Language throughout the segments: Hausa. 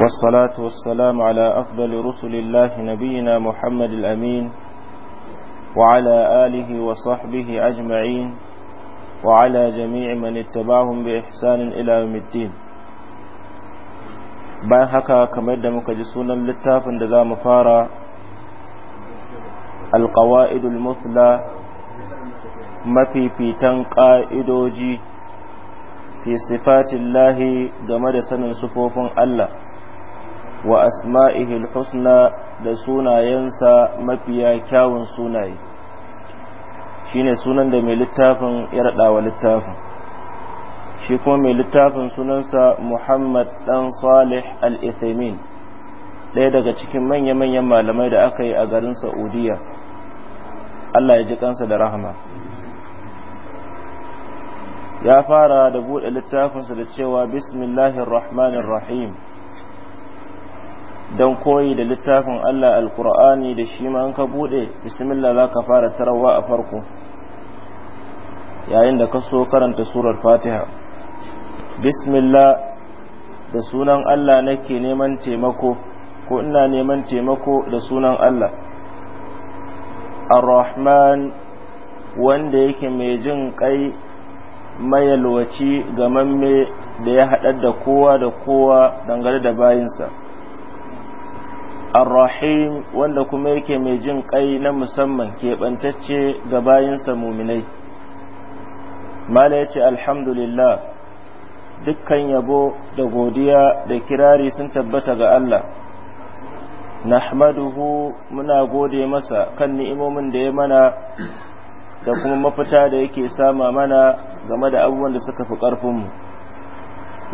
والصلاة والسلام على أفضل رسل الله نبينا محمد الأمين وعلى آله وصحبه أجمعين وعلى جميع من اتبعهم بإحسان إلى يوم الدين bayan haka kamar da muka ji sunan littafin da za mu fara alƙawa'idul musla mafifitan ƙa'idoji fi sifatillahi game da sanin sufofin Allah wa al husna da sunayensa mafiya kyawun sunaye shine sunan da mai littafin ya wa littafin shi kuma mai littafin sunansa muhammad Dan salih al-ithaimin ɗaya daga cikin manya-manyan malamai da aka yi a garin saudiya allah ya ji kansa da rahama ya fara da buɗe littafinsa da cewa bismillahir rahmanir rahim don koyi da littafin Allah alkur'ani da shi ma an ka bude bismillah za ka fara tarawa a farko yayin da ka so karanta surar fatiha bismillah da sunan Allah nake neman taimako ko ina neman taimako da sunan Allah ar-rahman wanda yake mai jin kai mayalwaci ga mamme da ya haɗar da kowa da kowa dangane da bayinsa arrahim wanda kuma yake mai jin ƙai na musamman keɓantacce ga bayansa muminai mala ya ce alhamdulillah dukkan yabo da godiya da kirari sun tabbata ga Allah nahmaduhu muna gode masa kan ni'imomin da ya mana da kuma mafita da yake sama mana game da abubuwan da suka fi ƙarfinmu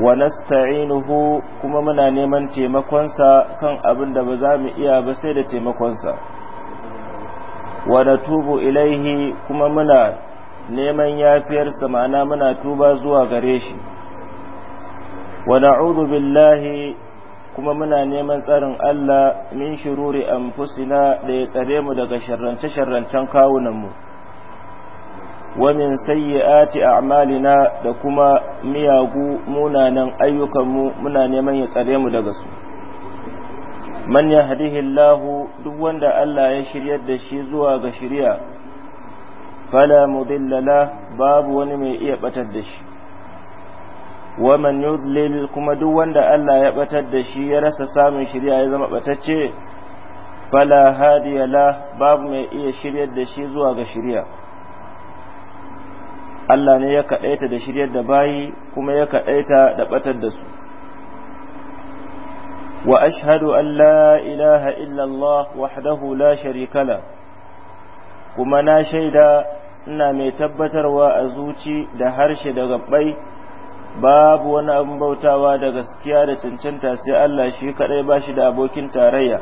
wa nasta'inuhu kuma muna neman taimakonsa kan abin da ba za mu iya ba sai da taimakonsa wa natubu ilaihi kuma muna neman yafiyarsa ma'ana muna tuba zuwa gare shi wa na'udhu billahi kuma muna neman tsarin Allah min shururi anfusina da ya tsare mu daga sharrance-sharrancen kawunan mu wa min sayyiati a'malina da kuma miyagu munanan ayyukanmu muna neman ya tsare mu daga su man yahdihillahu duk wanda Allah ya shiryar da shi zuwa ga shari'a fala mudillala babu wani mai iya batar da shi wa man yudlil kuma duk wanda Allah ya batar da shi ya rasa samun shari'a ya zama batace fala hadiyala babu mai iya shiryar da shi zuwa ga shari'a Allah ne ya kaɗaita da shiryar da bayi kuma ya kaɗaita da ɓatar da su wa ashhadu an la ilaha illallah wahdahu la sharika kuma na shaida ina mai tabbatarwa a zuci da harshe da gabbai babu wani abin bautawa da gaskiya da cancanta sai Allah shi kaɗai ba shi da abokin tarayya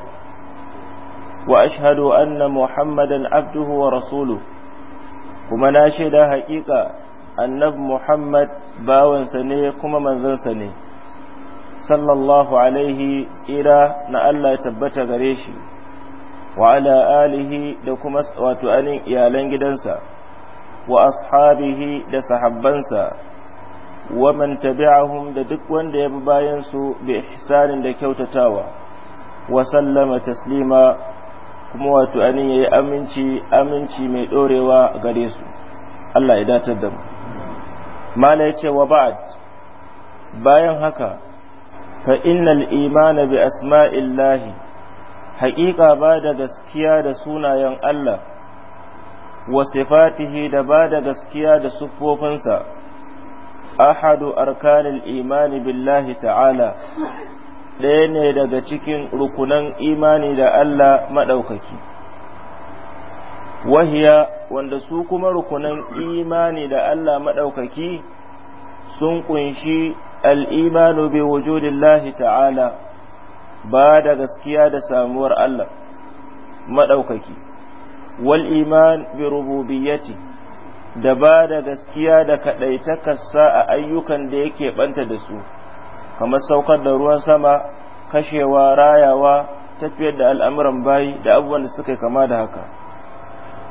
wa ashhadu anna muhammadan abduhu wa rasuluhu kuma na shaida haƙiƙa annabi Muhammad bawansa ne kuma manzansa ne sallallahu alaihi tsira na Allah ya tabbata gare shi wa ala alihi da kuma wato anin iyalan gidansa wa ashabihi da sahabbansa wa man tabi'ahum da duk wanda ya bi bayan su bi ihsanin da kyautatawa wa sallama taslima kuma wato anin yayi aminci aminci mai ɗorewa gare su Allah ya datar da mu ya ce wa ba'ad. bayan haka fa innal imana bi asma'illahi haƙiƙa ba da gaskiya da sunayen Allah wa sifatihi da ba da gaskiya da siffofinsa ahadu arkanil imani billahi ta'ala ɗaya ne daga cikin rukunan imani da Allah maɗaukaki wahiya wanda su kuma rukunan imani da Allah maɗaukaki sun kunshi al'imanu bi wujudillahi ta'ala ba da gaskiya da samuwar Allah maɗaukaki wal iman bi rububiyyati da ba da gaskiya da kaɗaitakarsa a ayyukan da yake ɓanta da su kamar saukar da ruwan sama kashewa rayawa tafiyar da al'amuran bayi da abubuwan da suka kama da haka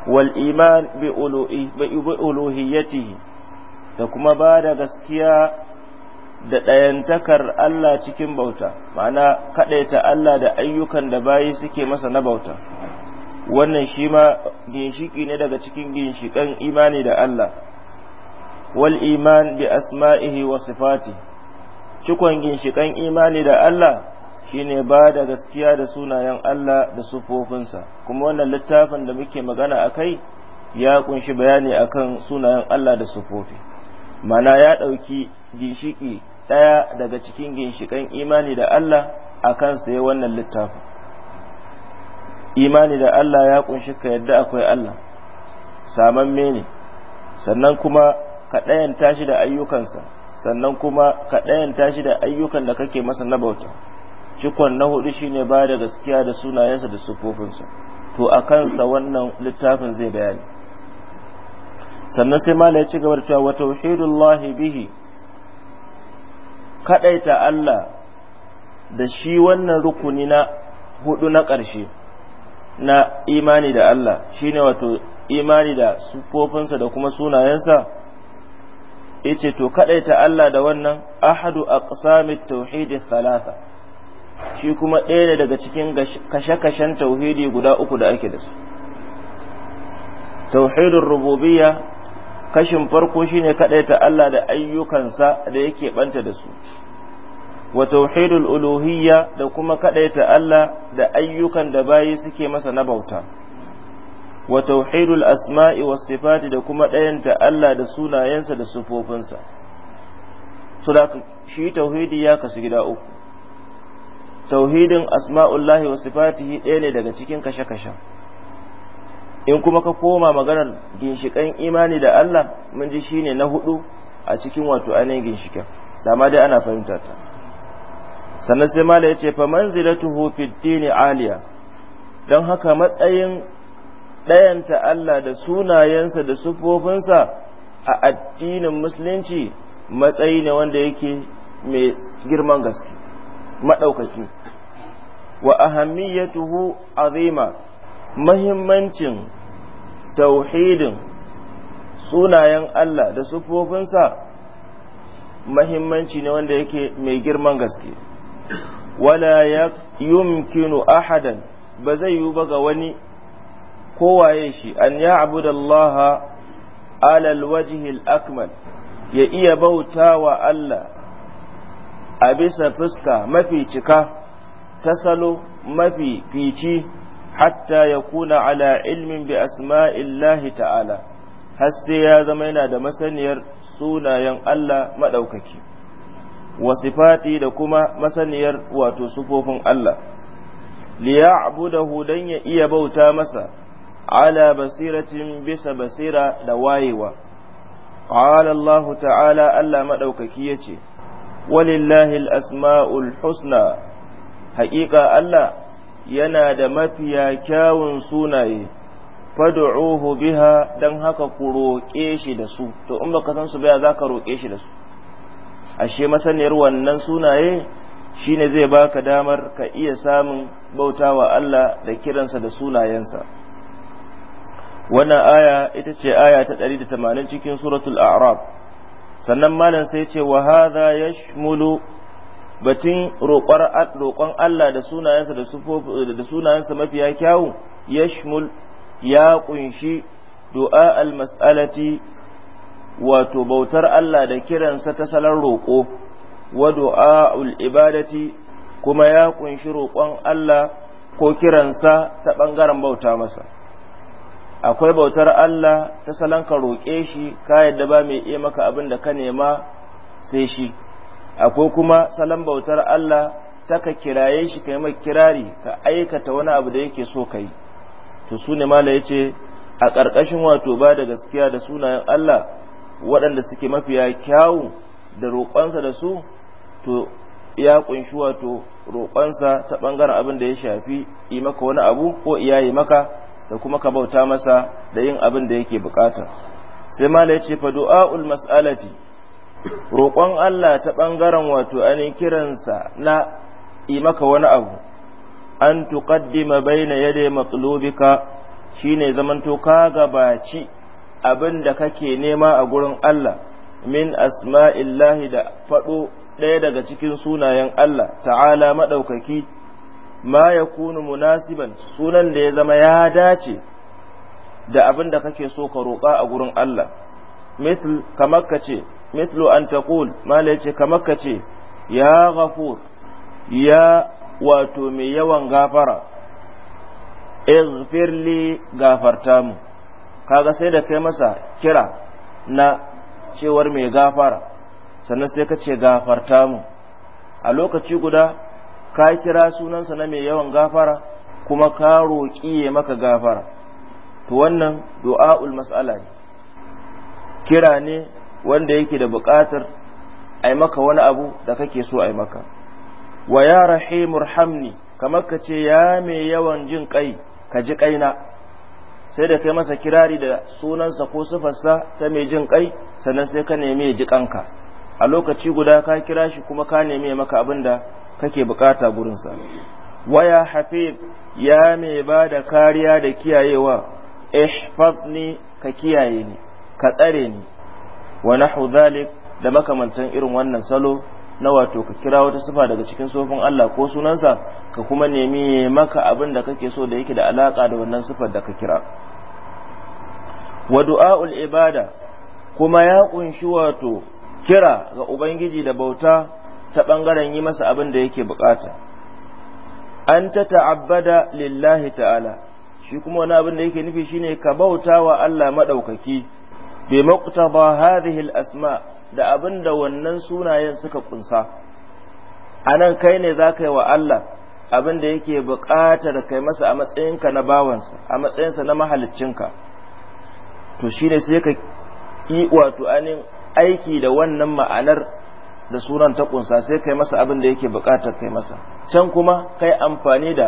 wal iman bi uluhiyyatihi da kuma ba da gaskiya da ɗayantakar Allah cikin bauta ma'ana kaɗaita Allah da ayyukan da bayi suke masa na bauta wannan shi ma ginshiki ne daga cikin ginshiƙan imani da Allah wal iman bi asma'ihi wa sifatihi cikon ginshikan imani da Allah shine ba da gaskiya da sunayen Allah da sufofinsa kuma wannan littafin da muke magana a kai ya kunshi bayani akan sunayen Allah da sufofi mana ya ɗauki ginshiƙi ɗaya daga cikin ginshikan imani da Allah a kansa ya wannan littafin imani da Allah ya kunshi ka yadda akwai Allah saman ne sannan kuma ka ɗayan tashi da ayyukansa sannan kuma ka ɗayanta shi da ayyukan da kake masa na bauta cikon na hudu shine ba da gaskiya da sunayensa da sufofinsa to a kansa wannan littafin zai bayani sannan sai mala ya ci gaba da cewa wa tauhidullahi bihi kadaita Allah da shi wannan rukuni na hudu na ƙarshe na imani da Allah shine wato imani da sufofinsa da kuma sunayensa yace to kadaita Allah da wannan ahadu aqsamit tauhid thalatha shi kuma ɗaya ne daga cikin kashe-kashen tauhidi guda uku da ake da su tauhidin rububiyya kashin farko shine kadaita Allah da ayyukansa da yake banta da su wa tauhidul uluhiyya da kuma kadaita Allah da ayyukan da bayi suke masa na bauta wa tauhidul asma'i was sifati da kuma ta Allah da sunayensa da sufofinsa so da shi tauhidi ya kasu gida uku tauhidin asma'ullahi was sifatihi ɗaya ne daga cikin kashe kashe in kuma ka koma maganar ginshikan imani da Allah mun ji shine na hudu a cikin wato ainihin ginshikan dama dai ana fahimta ta sannan sai mala ya ce fa manzilatuhu fid dini aliya don haka matsayin ɗayanta Allah da sunayensa da sufofinsa a addinin musulunci matsayi ne wanda yake mai girman gaske maɗaukaki wa ahammiyatuhu azima mahimmancin tauhidin sunayen Allah da sufofinsa mahimmanci ne wanda yake mai girman gaske wala ya yumkinu ahadan ba zai yi ba ga wani kowaye shi an ya Allaha alal wajihil akmal ya iya bauta wa Allah a bisa fuska mafi cika ta salo mafi fici hatta ya kuna ala ilmin bi asma'illahi ta'ala har sai ya zama yana da masaniyar sunayen Allah maɗaukaki wa sifati da kuma masaniyar wato sufofin Allah liya abu da ya iya bauta masa ala basiratin bisa basira da wayewa qala ta'ala Allah madaukaki yace walillahi al-asma'ul husna haƙiƙa Allah yana da mafiya kyawun sunaye fad'uhu biha dan haka ku roƙe shi da su to in baka san su ba za ka roƙe shi da su ashe masaniyar wannan sunaye shine zai baka damar ka iya samun bautawa Allah da kiransa da sunayensa wannan aya ita ce aya ta 180 cikin suratul a'raf sannan malam sai ce wa hadha yashmulu batun roƙon Allah da sunayensa da sunayensa mafiya kyawu yashmul ya kunshi du'a al-mas'alati wato bautar Allah da kiransa ta salon roƙo wa du'a ibadati kuma ya kunshi roƙon Allah ko kiransa ta ɓangaren bauta masa akwai bautar Allah ta salon ka roƙe shi ka yadda ba mai iya maka abin da ka nema sai shi akwai kuma salan bautar Allah ta ka kiraye shi ka yi mai kirari ka aikata wani abu da yake so ka yi to su ne mala ya ce a ƙarƙashin wato ba da gaskiya da sunayen Allah waɗanda suke mafiya kyawu da roƙonsa da su to ya ƙunshi wato roƙonsa ta ɓangaren abin da ya shafi yi maka wani abu ko iyaye maka da kuma ka bauta masa da yin abin da yake bukata sai mala yace fa du'aul mas'alati roƙon Allah ta bangaren wato anin kiransa na yi maka wani abu an tuqaddima baina yaday matlubika shine zamanto ka gabaci abin da kake nema a gurin Allah min asma'illahi da faɗo ɗaya daga cikin sunayen Allah ta'ala maɗaukaki ma ya kunu munasiban sunan da ya zama ya dace da abin da kake so ka roƙa a gurin Allah mithl kamar ka ce mithlu an taqul mala yace kamar ka ce ya ghafur ya wato mai yawan gafara ighfirli gafarta mu kaga sai da kai masa kira na cewar mai gafara sannan sai ka ce gafarta mu a lokaci guda ka kira sunansa na mai yawan gafara kuma ka roƙi ya maka gafara to wannan du'a'ul mas'ala ne kira ne wanda yake da buƙatar ai maka wani abu da kake so ai maka wa ya rahimur hamni kamar ka ce ya mai yawan jin kai ka ji kaina sai da kai masa kirari da sunansa ko sufarsa ta mai jin kai sannan sai ka nemi ya ji kanka a lokaci guda ka kira shi kuma ka neme maka abin da kake bukata gurinsa waya hafiz ya mai ba da kariya da kiyayewa ihfazni ka kiyaye ni ka tsare ni wa nahu zalik da makamantan irin wannan salo na wato ka kira wata sifa daga cikin sofin Allah ko sunansa ka kuma nemi maka abin da kake so da yake da alaka da wannan sifar da ka kira wa du'a'ul ibada kuma ya kunshi wato kira ga ubangiji da bauta ta ɓangaren yi masa abin da yake bukata an ta ta'abbada lillahi ta'ala shi kuma wani abin da yake nufi shine ka bauta wa Allah maɗaukaki bi maqtaba hadhihi al-asma da abin da wannan sunayen suka kunsa anan kai ne za ka yi wa Allah abin da yake buƙatar kai masa a matsayinka na bawansa a matsayinsa na mahaliccinka to shine sai ka yi wato anin aiki da wannan ma'anar da sunan ta kunsa sai kai masa abin da yake bukatar kai masa can kuma kai amfani da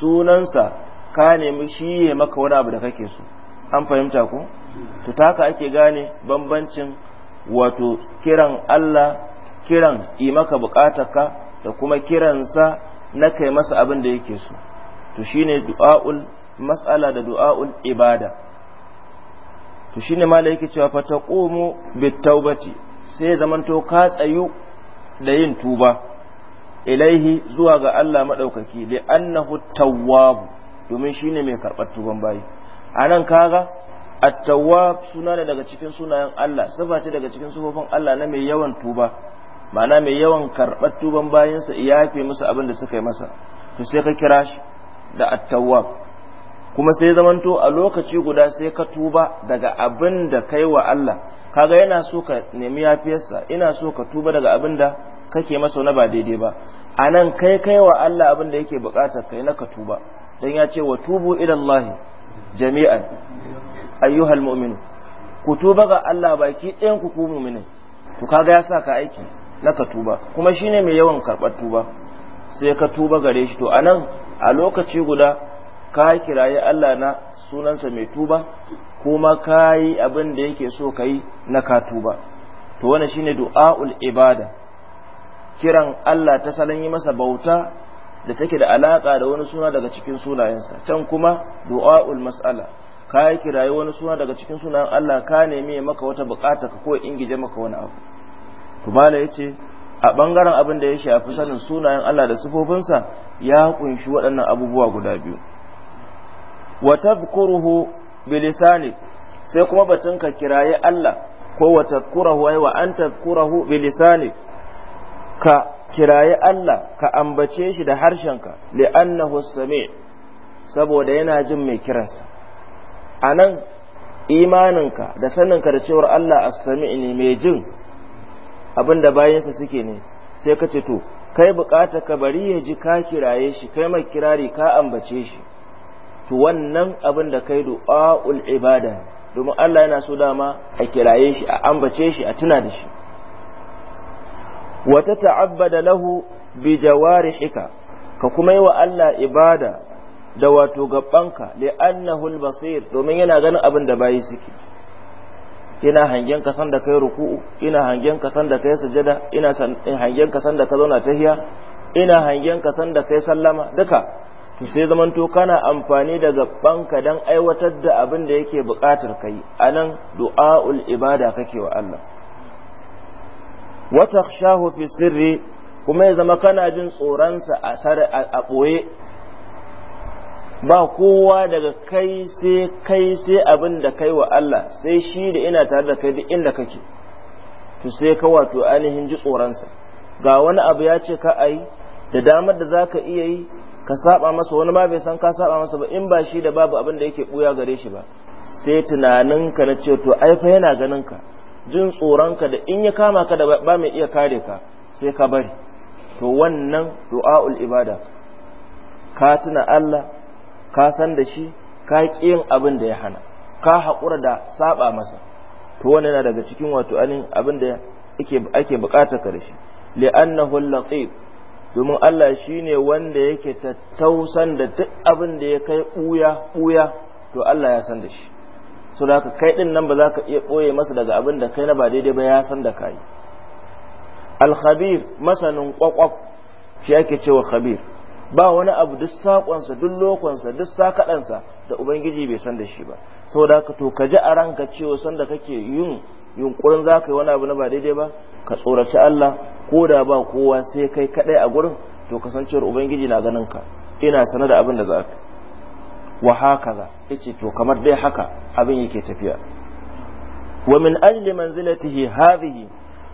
sunansa ka nemi shi ya maka wani abu da kake so an fahimta ko to taka ake gane bambancin wato kiran Allah kiran yi maka ka da kuma kiransa na kai masa abin da yake so to shine du'a'ul mas'ala da du'a'ul ibada to shine malai yake cewa fa taqumu bitawbati sai zamanto ka tsayu da yin tuba ilaihi zuwa ga Allah madaukaki li annahu tawwab domin shine mai karbar tuban bayi anan kaga at-tawwab suna ne daga cikin sunayen Allah sifa ce daga cikin sifofin Allah na mai yawan tuba mana mai yawan karɓar tuban bayinsa ya yafe musu abin da suka yi masa to sai ka kira shi da at-tawwab kuma sai zamanto a lokaci guda sai ka tuba daga abin da kai wa Allah kaga yana so ka nemi yafiyarsa ina so ka tuba daga abin da kake masa na ba daidai ba a nan kai kai wa Allah abin da yake bukatar kai na ka tuba dan ya ce wa tubu ila Allah jami'an ayyuhal mu'minu ku tuba ga Allah baki ɗayan ku ku mu'minin to kaga ya sa ka aiki na ka tuba kuma shine mai yawan karɓar tuba sai ka tuba gare shi to anan a lokaci guda ka kiraye Allah na sunansa mai tuba kuma ka yi abin da yake so ka yi na ka tuba to wannan shine du'a'ul ibada kiran Allah ta salon yi masa bauta da take da alaƙa da wani suna daga cikin sunayensa can kuma du'a'ul mas'ala ka kiraye wani suna daga cikin sunan Allah ka nemi maka wata bukata ka ko ingije maka wani abu to mala yace a bangaren abin da ya shafi sanin sunayen Allah da sifofinsa ya kunshi waɗannan abubuwa guda biyu wa tadhkuruhu bilisani sai kuma batun ka kiraye Allah ko wa tadhkurahu wa an bilisani ka kiraye Allah ka ambace shi da harshenka annahu sami' saboda yana jin mai kiransa anan imaninka da saninka da cewar Allah as-sami' ne mai jin abinda bayansa suke ne sai ka ce to kai bukata ka bari ya ji ka kiraye shi kai mai kirari ka ambace shi to wannan abin da kai du'a'ul ibada domin Allah yana so dama a kiraye shi a ambace shi a tuna da shi wa tata'abbada lahu bi jawarihika ka kuma yi wa Allah ibada da wato li annahu al-basir domin yana ganin abin da bayi suke ina hangen ka san da kai ruku'u ina hangen ka san da kai sujada ina hangen ka san da ka zauna tahiya ina hangen ka san da kai sallama duka to sai zamanto kana amfani da gabbanka dan aiwatar da abin da yake buƙatar kai anan du'a'ul ibada kake wa Allah wata shahu fi sirri kuma ya zama kana jin tsoronsa a a ɓoye ba kowa daga kai sai kai sai abin da kai wa Allah sai shi da ina tare da kai duk inda kake to sai ka wato ainihin ji tsoronsa ga wani abu ya ce ka yi. da damar da za ka iya yi ka saba masa wani ma bai san ka saba masa ba in ba shi da babu abin da yake buya gare shi ba sai tunanin ka na ce to ai fa yana ganin ka jin tsoron ka da in ya kama ka da ba mai iya kare ka sai ka bari to wannan du'aul ibada ka tuna Allah ka san da shi ka yin abin da ya hana ka haƙura da saba masa to wannan yana daga cikin wato anin abin da ake bukata ka da shi li'annahu al-latif domin Allah shi ne wanda yake tattausan da duk abin da ya kai ɓuya ɓuya to Allah ya san da shi so da haka kai ɗin nan ba za ka iya ɓoye masa daga abin da kai na ba daidai ba ya san da kayi. alkhabir masanin kwakwaf shi ake cewa khabir ba wani abu duk saƙonsa duk lokonsa duk sakaɗansa da ubangiji bai san da shi ba saboda ka to ka ji a ranka cewa sanda kake yin yunkurin za ka yi wani abu na ba daidai ba ka tsoraci Allah ko da ba kowa sai kai kadai a gurin to kasancewar ubangiji na ganin ka ina sanar da abin da za ka wa haka hakaza ce to kamar dai haka abin yake tafiya wa min ajli manzilatihi hadhihi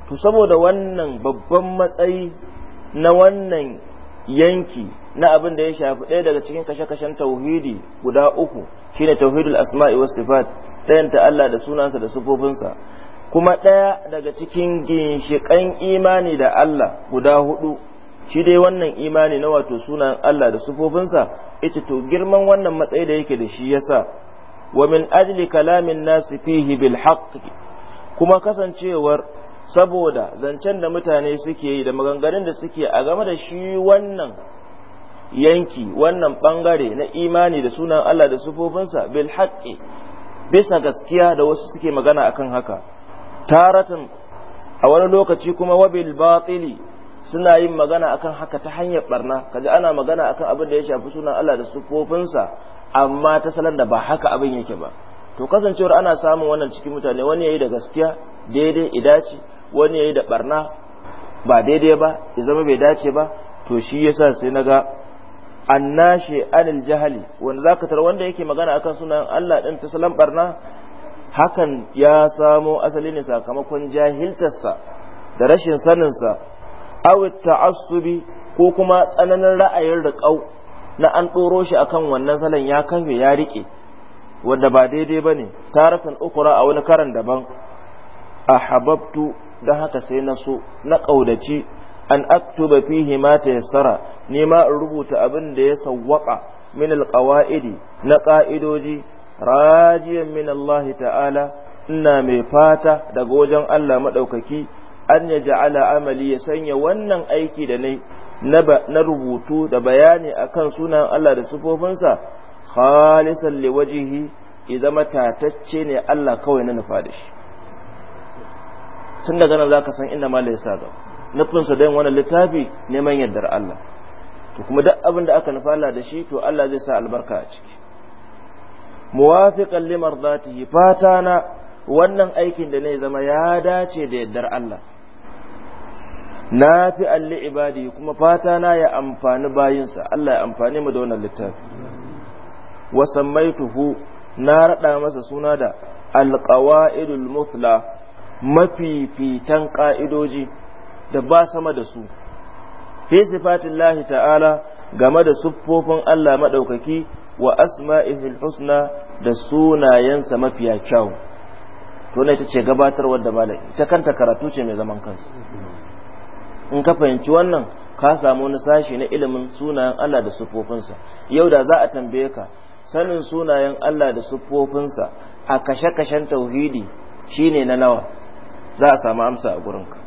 to saboda wannan babban matsayi na wannan yanki na abin da ya shafi ɗaya daga cikin kashe-kashen tauhidi guda uku shine tauhidul asma'i was sifat ɗayan ta Allah da sunansa da sifofinsa kuma ɗaya daga cikin ginshikan imani da Allah guda hudu shi dai wannan imani na wato sunan Allah da sufofinsa ita to girman wannan matsayi da yake da shi yasa wa min ajli kalamin nasi fihi bil haqqi kuma kasancewar saboda zancen da mutane suke yi da maganganun da suke a game da shi wannan yanki wannan bangare na imani da sunan Allah da sufofinsa bil haqqi bisa gaskiya da wasu suke magana akan haka taratan a wani lokaci kuma wabil batili suna yin magana akan haka ta hanyar barna kaji ana magana akan abin da ya shafi sunan Allah da sufofinsa amma ta salan da ba haka abin yake ba to kasancewar ana samun wannan cikin mutane wani yayi da gaskiya daidai idaci wani yayi da barna ba daidai ba ya zama bai dace ba to shi yasa sai naga annashe anil jahali wanda zaka tar wanda yake magana akan sunan Allah din ta salon barna hakan ya samo asali ne sakamakon jahiltarsa da rashin sanin sa awit ta'assubi ko kuma tsananin ra'ayin riƙau na an ɗoro shi akan wannan salon ya kafe ya riƙe wanda ba daidai ba ne tarakan ukura a wani karan daban a hababtu don haka sai na so na ƙaudaci an aktuba fihi ma ta yassara nema in rubuta abin da ya sawwaka min alqawaidi na ƙa'idoji rajiyan min Allah ta'ala ina mai fata daga wajen Allah maɗaukaki an ya ja'ala amali ya sanya wannan aiki da ne na rubutu da bayani akan sunan Allah da sufofinsa khalisan liwajihi ya zama tatacce ne Allah kawai na nufa da shi tun daga nan zaka san inda malai ya sa gaba nufinsa don wani littafi neman yardar Allah to kuma duk abin da aka nufa Allah da shi to Allah zai sa albarka a ciki muwafiqan limardatihi fata na wannan aikin da ne zama ya dace da yardar Allah na fi alli ibadi kuma fata na ya amfani bayinsa Allah ya amfani mu da wannan littafi wa sammaituhu na rada masa suna da alqawaidul mufla mafifitan ka'idoji da ba sama da su fi sifatillahi ta'ala game da siffofin Allah madaukaki wa asma'ihil husna da sunayensa mafiya kyau to ne tace gabatarwar da malam ita kanta karatu ce mai zaman kansa in ka fahimci wannan ka samu wani sashi na ilimin sunayen Allah da siffofinsa yau da za a tambaye ka sanin sunayen Allah da siffofinsa a kashe-kashen tauhidi shine na nawa za a samu amsa a gurinka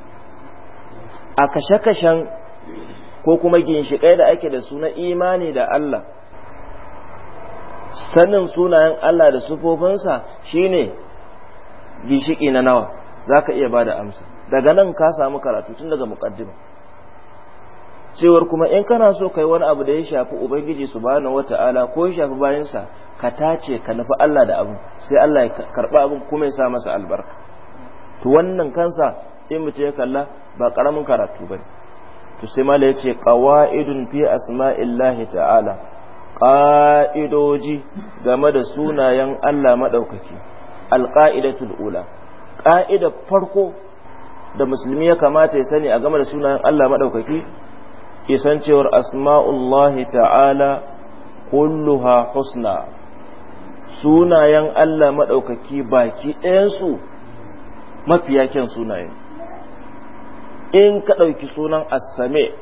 a kashe-kashen ko kuma ginshiƙai da ake da su na imani da Allah sanin sunayen Allah da sufofinsa shine gishiki na nawa Za ka iya ba da amsa daga nan ka samu karatu tun daga muqaddima cewar kuma in kana so kai wani abu da ya shafi ubangiji su subhanahu wataala ko ya shafi bayansa ka tace ka nufi Allah da abu sai Allah ya karba abin kuma ya sa masa albarka to wannan kansa in mu ya kalla ba karamin karatu bane to sai mala yace qawaidun fi asma'illahi ta'ala ƙa'idoji game da sunayen Allah maɗaukaki alƙa'idatul ula ƙa'idar farko da musulmi ya kamata ya sani a game da sunayen Allah maɗaukaki isan cewar asma'ullahi ta'ala kulluha husna sunayen Allah maɗaukaki baki ɗayansu mafiya kyan sunayen in ka ɗauki sunan assame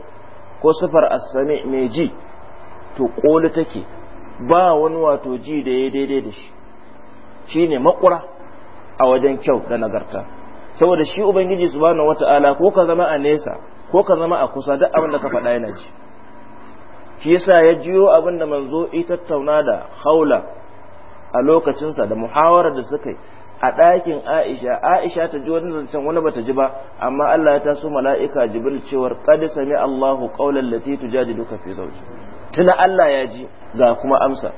ko sufar assame mai ji wato ƙoli take ba wani wato ji da ya daidai da shi shi ne makura a wajen kyau da nagarta saboda shi ubangiji subhanahu wata'ala ko ka zama a nesa ko ka zama a kusa duk abin da ka faɗa yana ji shi yasa ya jiyo abin da manzo ita tattauna da haula a lokacinsa da muhawarar da suka yi a ɗakin Aisha Aisha ta ji wani zancen wani bata ji ba amma Allah ya taso mala'ika Jibril cewar qad sami Allahu qawlan lati tujadiluka fi zawji tuna Allah ya ji ga kuma amsa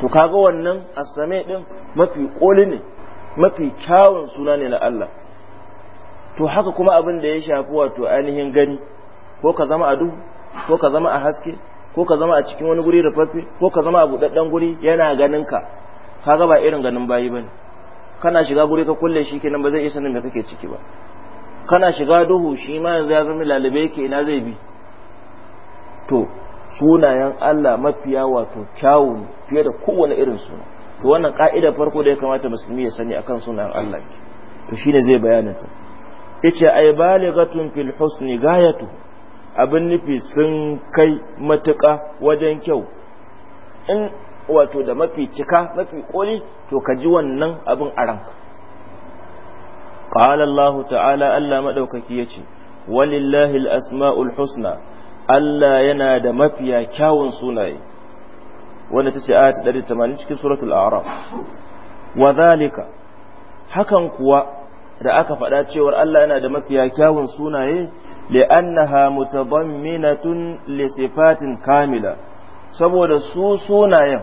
to kaga wannan asame din mafi koli ne mafi kyawun suna ne na Allah to haka kuma abin da ya shafi wato ainihin gani ko ka zama a duhu ko ka zama a haske ko ka zama a cikin wani guri rufaffe ko ka zama a buɗaɗɗen guri yana ganin ka kaga ba irin ganin bayi bane kana shiga guri ka kulle shi kenan ba zai iya sanin me kake ciki ba kana shiga duhu shi ma yanzu ya zama lalube yake ina zai bi to sunayen Allah mafiya wato kyawu fiye da kowane irin suna to wannan ka'ida farko da ya kamata musulmi ya sani akan sunayen Allah to shine zai bayananta. ta yace ay balighatun fil husni gayatu abin nufi sun kai matuƙa wajen kyau in wato da mafi cika mafi koli to ka ji wannan abin a ranka qala Allah ta'ala Allah madaukaki yace walillahi al-asma'ul husna Allah yana da mafiya kyawun sunaye wanda ta ce 180 cikin suratul a'raf wa zalika hakan kuwa da aka faɗa cewa Allah yana da mafiya kyawun sunaye li'annaha mutadamminatun li sifatin kamila saboda su sunayen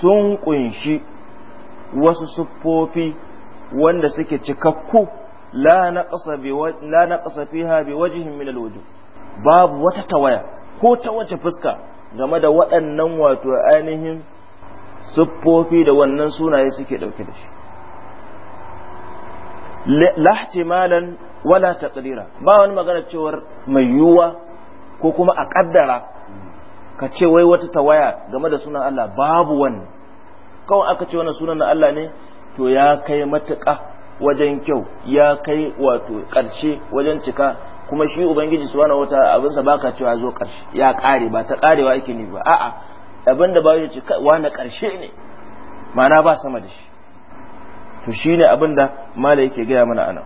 sun kunshi wasu siffofi wanda suke cikakku la naqsa bi la naqsa fiha bi wajhin min al-wujuh babu wata tawaya ko ta wace fuska game da waɗannan wato ainihin siffofi da wannan sunaye suke ɗauke da shi lahtimalan wala taqdira ba wani magana cewar mai yiwuwa ko kuma a ƙaddara ka ce wai wata tawaya game da sunan Allah babu wannan kawai aka ce wannan sunan Allah ne to ya kai matuƙa wajen kyau ya kai wato ƙarshe wajen cika kuma shi ubangiji subhanahu wata abin sa baka cewa zo karshe ya kare ba ta karewa yake ne ba a'a abin da ba ce wani karshe ne ma'ana ba sama da shi to shine abin da mala yake gaya mana anan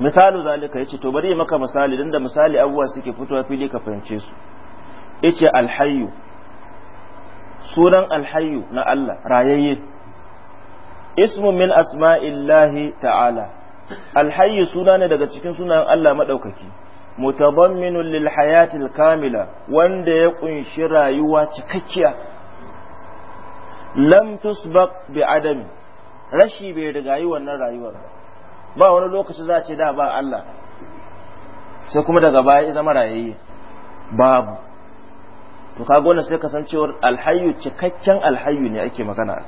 misalu zalika yace to bari maka misali dan da misali abubuwa suke fitowa fili ka fahimce su yace alhayyu sunan alhayyu na Allah rayayye ismu min asma'illahi ta'ala Alhayu suna ne daga cikin sunan Allah madaukaki mutabamminun lil hayatil kamila wanda ya kunshi rayuwa cikakkiya lam tusbaq bi adami rashi bai riga yi wannan rayuwar ba wani lokaci za ce da ba Allah sai kuma daga baya ya zama rayayye babu to kaga wannan sai kasancewar alhayyu cikakken alhayyu ne ake magana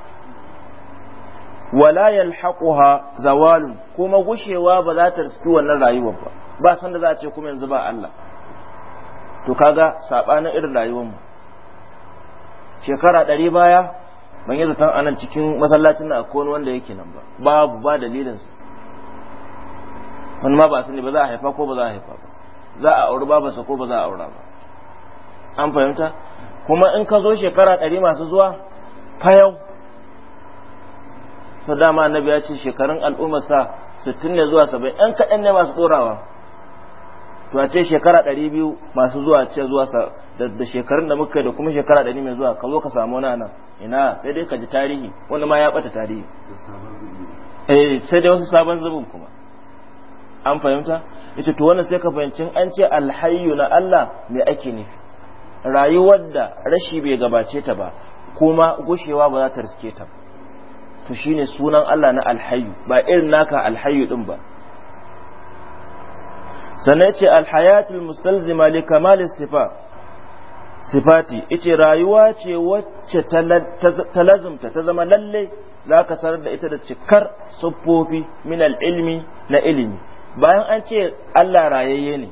wala yalhaquha zawalun kuma gushewa ba za ta riski wannan rayuwar ba ba san da za a ce kuma yanzu ba Allah to kaga na irin rayuwar mu shekara ɗari baya ban yi zaton anan cikin masallacin da akwai wanda yake nan ba babu ba dalilin su wani ma ba su ne ba za a haifa ko ba za a haifa ba za a auri babansa ko ba za a aura ba an fahimta kuma in ka zo shekara ɗari masu zuwa fayau to dama annabi ya ce shekarun al'ummar sa 60 ne zuwa 70 ɗan kaɗan ne masu ɗorawa to a ce shekara 200 masu zuwa ce zuwa da shekarun da muka da kuma shekara 100 mai zuwa ka zo ka samu wani nan ina sai dai ka ji tarihi wani ma ya bata tarihi eh sai dai wasu sabon zubin kuma an fahimta ita to wannan sai ka fahimci an ce alhayyu na Allah me ake ne rayuwar da rashi bai gabace ta ba kuma gushewa ba za ta riske ta ba to shine sunan Allah na alhayu ba irin naka alhayu din ba sannan ce alhayatul mustalzima li kamal sifa sifati ice rayuwa ce wacce ta lazumta ta zama lalle za ka sanar da ita da cikar siffofi min ilmi na ilimi bayan an ce Allah rayayye ne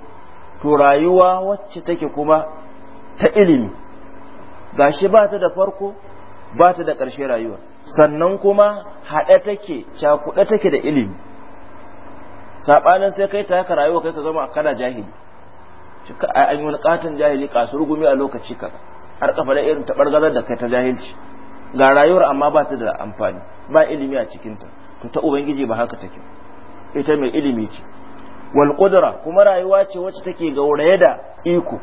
to rayuwa wacce take kuma ta ilimi gashi ba ta da farko ba ta da ƙarshe rayuwa sannan kuma haɗe take cakuɗe take da ilimi saɓanin sai kai ta haka rayuwa kai ka zama kana jahili cika a an yi wani katon jahili kasu gumi a lokaci ka har kafa da irin gazar da kai ta jahilci ga rayuwar amma ba ta da amfani ba ilimi a cikinta to ta ubangiji ba haka take ita mai ilimi ce wal qudra kuma rayuwa ce wacce take gauraye da iko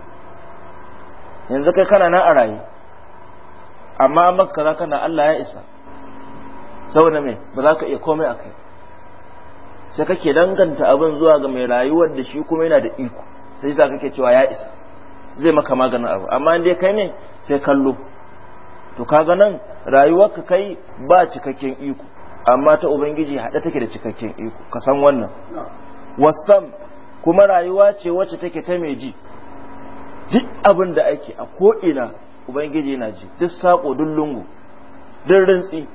yanzu kai kana nan a rayu amma maka kaza kana Allah ya isa saboda mai ba za ka iya komai a kai sai kake danganta abin zuwa ga mai rayuwar da shi kuma yana da iko sai za kake cewa ya isa zai maka maganin abu amma dai kai ne sai kallo to kaga nan rayuwar ka kai ba cikakken iko amma ta ubangiji haɗe take da cikakken iko ka san wannan wasan kuma rayuwa ce wacce take ta mai ji duk abin da ake a ko'ina ubangiji yana ji duk sako duk lungu duk rintsi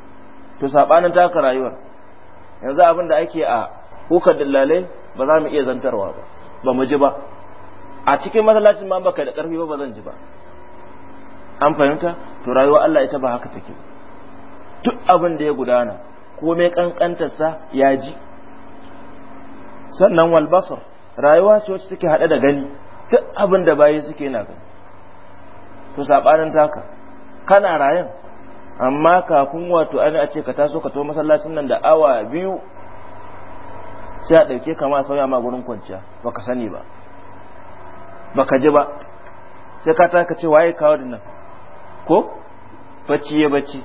to sabanin taka rayuwar yanzu abin da ake a hukar dillalai ba za mu iya zantarwa ba ba mu ji ba a cikin masallacin ma baka da karfi ba ba zan ji ba an fahimta to rayuwa Allah ita ba haka take duk abin da ya gudana komai kankantarsa ya ji sannan wal basar rayuwa ce wacce take hada da gani duk abin da bayi suke na gani to sabanin taka kana rayan amma kafin wato ana a ce ka taso ka to masallacin nan da awa biyu sai a ɗauke kama sauya ma gurin kwanciya baka sani ba baka ji ba sai ka taka ce waye kawo da nan ko bacci ya bacci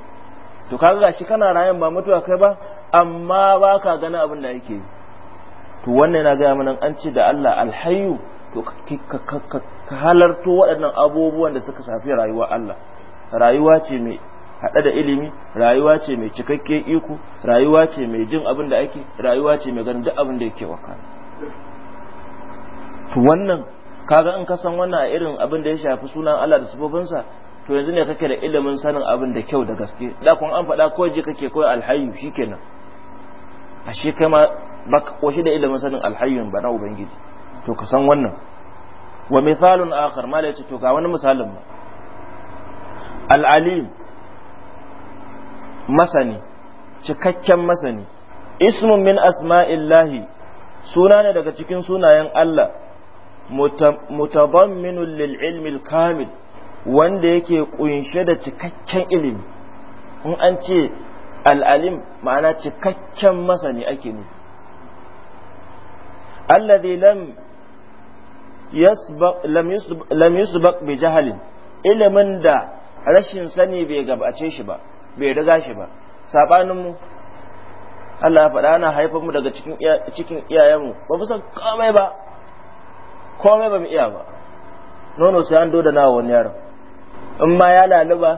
to ka ga shi kana rayan ba mutuwa kai ba amma ba ka gani abin da yake to wannan yana gaya mana an ce da Allah Alhayyu, to ka halarto waɗannan abubuwan da suka shafi rayuwa Allah rayuwa ce mai haɗe da ilimi rayuwa ce mai cikakke iko rayuwa ce mai jin abin da ake rayuwa ce mai ganin duk abin da yake waka to wannan kaga in ka san wannan a irin abin da ya shafi sunan Allah da sifofinsa to yanzu ne kake da ilimin sanin abin da kyau da gaske da kun an faɗa ko je kake koyi alhayyu shikenan ashe kai ma baka shi da ilimin sanin alhayyu ba na ubangiji to ka san wannan wa mithalun akhar mala yace to ga wani misalin ma al-alim masani cikakken masani ismun min asma'illahi suna ne daga cikin sunayen Allah mutabamminun lil ilmi kamil wanda yake kunshe da cikakken ilimi in an ce al'alim ma'ana cikakken masani ake nufi alladhi lam yasbaq lam yusbaq bi jahalin ilimin da rashin sani bai gabace shi ba bai riga shi ba sabanin mu Allah ya faɗa ana haifar mu daga cikin cikin iyayenmu ba san komai ba komai ba mu iya ba nono sai an doda nawa wani yaron in ma ya laluba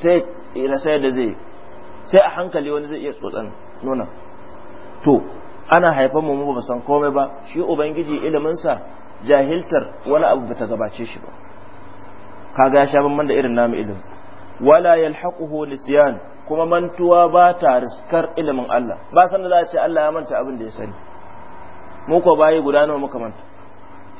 sai ina sayar da zai sai a hankali wani zai iya tsotsan nuna to ana haifar mu ba san komai ba shi ubangiji iliminsa jahiltar wani abu ba ta gabace shi ba kaga ya sha bamban da irin namu ilimi. wala yalhaquhu nisyan kuma mantuwa ba ta riskar ilimin Allah ba san da za a ce Allah ya manta abin da ya sani mu ko bayi guda nawa muka manta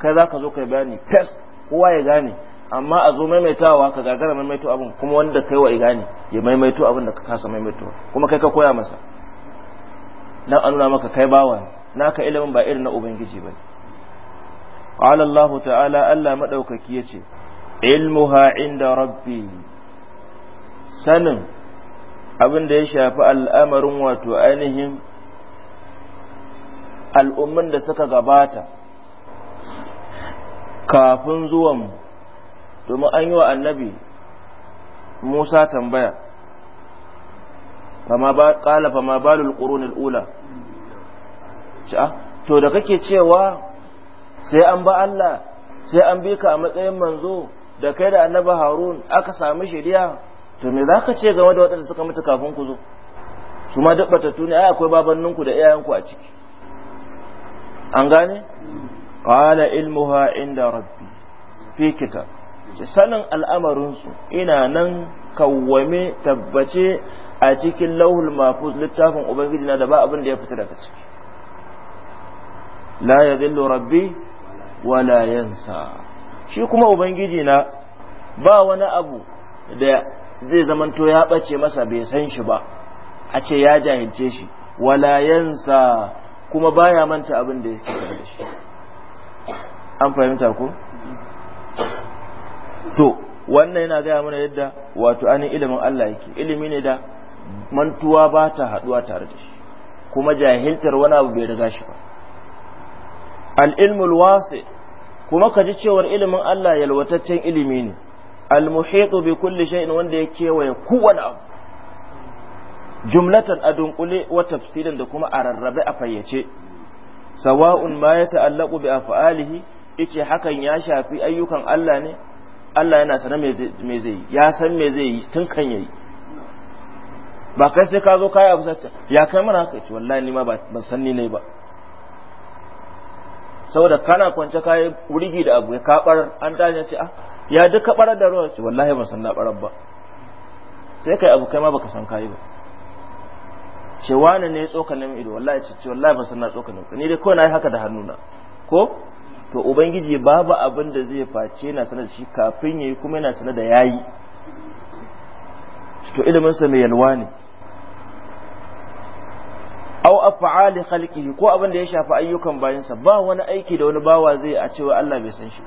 kai za ka zo kai bayani fes kowa ya gane amma a zo maimaitawa ka gagara maimaito abin kuma wanda kai wa gane ya maimaito abin da ka kasa maimaito kuma kai ka koya masa dan an nuna maka kai bawa naka ilimin ba irin na ubangiji ba. qala Allah ta'ala Allah madaukaki yace ilmuha inda rabbi sanin abin da ya shafi al'amarin wato ainihin al'ummin da suka gabata kafin zuwan domin an yi wa annabi musa tambaya ƙala fama balul ƙorunin ula to da kake cewa sai an ba Allah sai an bi ka a matsayin manzo da kai da annabi harun aka sami shari'a to me za ka ce game da waɗanda suka mutu kafin ku zo su ma duk batattu ne ai akwai babanninku da iyayenku a ciki an gane qala ilmuha inda rabbi fi kitab sanin al'amarinsu ina nan kawwame tabbace a cikin lauhul mafuz littafin ubangiji na da ba abin da ya fita daga ciki la yadhillu rabbi wala yansa shi kuma ubangiji na ba wani abu da zai zamanto ya ɓace masa bai san shi ba a ce ya jahilce shi wala yansa kuma baya manta abin da yake da shi an fahimta ko to wannan yana gaya mana yadda wato anin ilimin Allah yake ilimi ne da mantuwa ba ta haɗuwa tare da shi kuma jahiltar wani abu bai riga shi ba al-ilmul wasi kuma ka ji cewar ilimin Allah yalwataccen ilimi ne almuhitu bi kulli shay'in wanda ya kewaye kowane abu jumlatan a dunkule wa tafsirin da kuma a rarrabe a fayyace sawa'un ma ya ta'allaqu bi af'alihi yace hakan ya shafi ayyukan Allah ne Allah yana sanar me zai yi ya san me zai yi tun kan yayi ba kai sai ka zo kai abu sai ya kai mana haka ce wallahi ni ma ban san ni ne ba saboda kana kwance kai wurgi da abu ya kabar an tashi ce ah ya duka barar da ruwan ce wallahi ban san na barar ba sai kai abu kai ma baka san kai ba ce wani ne tsokanin ido wallahi ce ce wallahi ban san na tsokanin ido ni dai kawai na yi haka da hannuna ko to ubangiji babu abin da zai face na sanar da shi kafin yayi kuma yana sanar da yayi to ilimin sa mai yalwa ne aw af'ali khalqihi ko abin da ya shafi ayyukan bayinsa ba wani aiki da wani bawa zai a cewa Allah bai san shi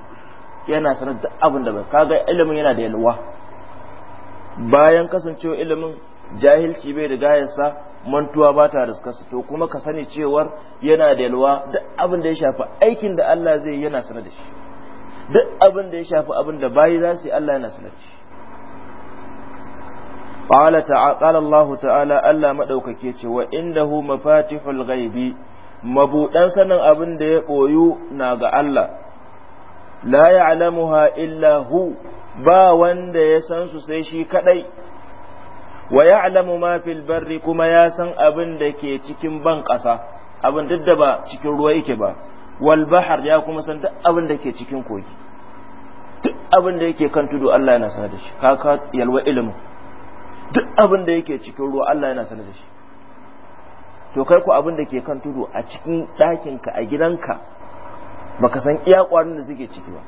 yana sanar da abin da bai kaga ilimin yana da yalwa bayan kasancewa ilimin jahilci bai da gayarsa mantuwa ba ta riskarsa to kuma ka sani cewar yana da yalwa duk abin da ya shafi aikin da Allah zai yana sanar da shi duk abin da ya shafi abin da bayi za su yi Allah yana sanar da shi qala ta'ala Allah ta'ala Allah madaukake ce wa indahu mafatihul ghaibi mabudan sanin abin da ya koyu na ga Allah la ya'lamuha illa hu ba wanda ya san su sai shi kadai wa ya'lamu ma fil barri kuma ya san abin da ke cikin ban ƙasa abin duk ba cikin ruwa yake ba wal bahar ya kuma san duk abin da ke cikin kogi duk abin da yake kan tudu Allah yana sanar da shi kaka yalwa ilimin duk abin da yake cikin ruwa Allah yana sanar da shi to kai ku abin da ke kan tudu a cikin ɗakinka a gidanka baka san iya kwanin da suke ciki ba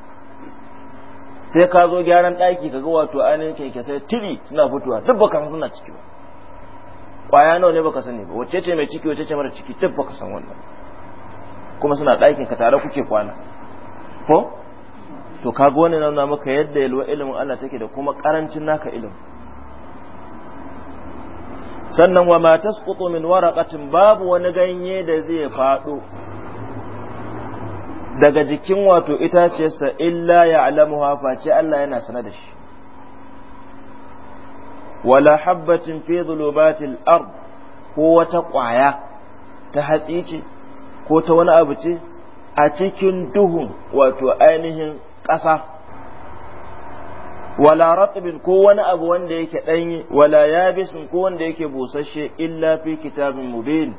sai ka zo gyaran daki ka ga wato ainihin keke sai tiri suna fitowa duk baka san suna ciki ba kwaya nawa ne baka sani ba wacce ce mai ciki wacce ce mara ciki duk baka san wannan kuma suna ɗakin ka tare kuke kwana ko to ka ga wannan nuna maka yadda yalwa ilimin Allah take da kuma karancin naka ilimin sannan wa ma tasqutu min waraqatin babu wani ganye da zai faɗo daga jikin wato itaciyarsa illa ya hafa ce Allah yana sana da shi wala habbatin fi zulubatil ard ko wata ƙwaya ta hatsi ce ko ta wani abu ce a cikin duhun wato ainihin ƙasa wala ratbin ko wani abu wanda yake danyi wala yabisin ko wanda yake busasshe illa fi kitabin mubin